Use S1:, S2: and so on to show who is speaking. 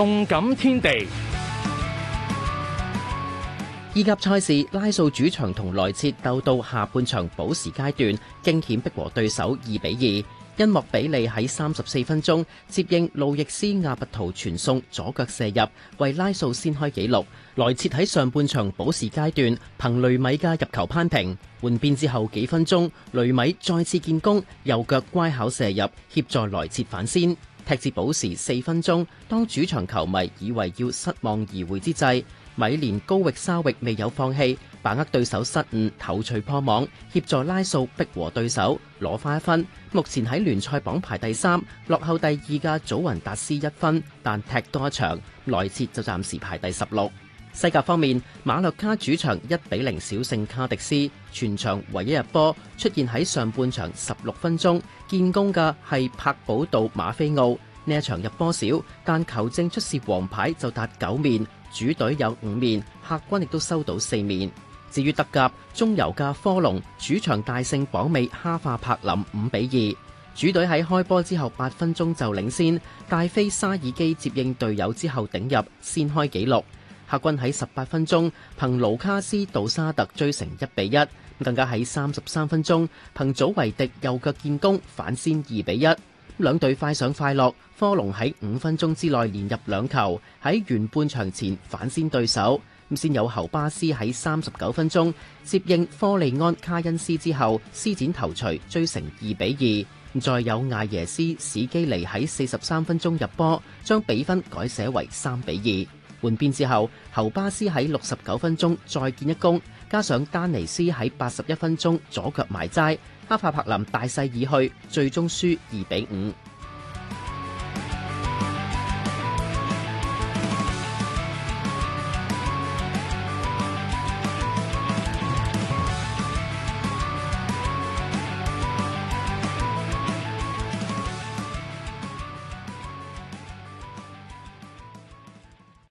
S1: 動感天地意甲賽事，拉素主場同萊切鬥到下半場補時階段，驚險逼和對手二比二。恩莫比利喺三十四分鐘接應路易斯亞拔圖傳送左腳射入，為拉素先開紀錄。萊切喺上半場補時階段憑雷米嘅入球扳平。換邊之後幾分鐘，雷米再次建功，右腳乖巧射入，協助萊切反先。踢至補時四分鐘，當主場球迷以為要失望而回之際，米連高域沙域未有放棄，把握對手失誤，頭槌破網，協助拉素逼和對手，攞翻一分。目前喺聯賽榜排第三，落後第二嘅祖雲達斯一分，但踢多一場，萊切就暫時排第十六。西甲方面，馬洛卡主場一比零小勝卡迪斯，全場唯一入波出現喺上半場十六分鐘，建功嘅係柏保道馬菲奧。呢一場入波少，但球證出示黃牌就達九面，主隊有五面，客軍亦都收到四面。至於德甲，中游嘅科隆主場大勝榜尾哈化柏林五比二，主隊喺開波之後八分鐘就領先，大飛沙爾基接應隊友之後頂入先開紀錄。客軍喺十八分鐘憑盧卡斯杜沙特追成一比一，更加喺三十三分鐘憑祖維迪右腳建功反先二比一。兩隊快上快落，科隆喺五分鐘之內連入兩球，喺完半場前反先對手。先有侯巴斯喺三十九分鐘接應科利安卡恩斯之後施展頭槌追成二比二，再有艾耶斯史基尼喺四十三分鐘入波將比分改寫為三比二。換邊之後，侯巴斯喺六十九分鐘再建一功，加上丹尼斯喺八十一分鐘左腳埋齋，哈化柏林大勢已去，最終輸二比五。